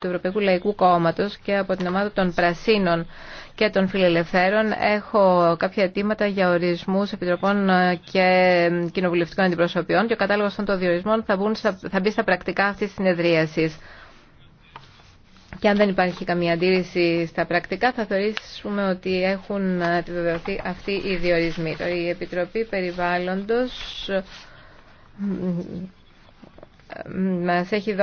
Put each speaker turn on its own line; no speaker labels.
του Ευρωπαϊκού Λαϊκού Κόμματος και από την ομάδα των Πρασίνων και των Φιλελευθέρων έχω κάποια αιτήματα για ορισμούς επιτροπών και κοινοβουλευτικών αντιπροσωπιών και ο κατάλογος των διορισμών θα, μπουν, θα μπει στα πρακτικά αυτής της συνεδρίασης. Και αν δεν υπάρχει καμία αντίρρηση στα πρακτικά θα θεωρήσουμε ότι έχουν επιβεβαιωθεί αυτοί οι διορισμοί. Η Επιτροπή Περιβάλλοντος
μα έχει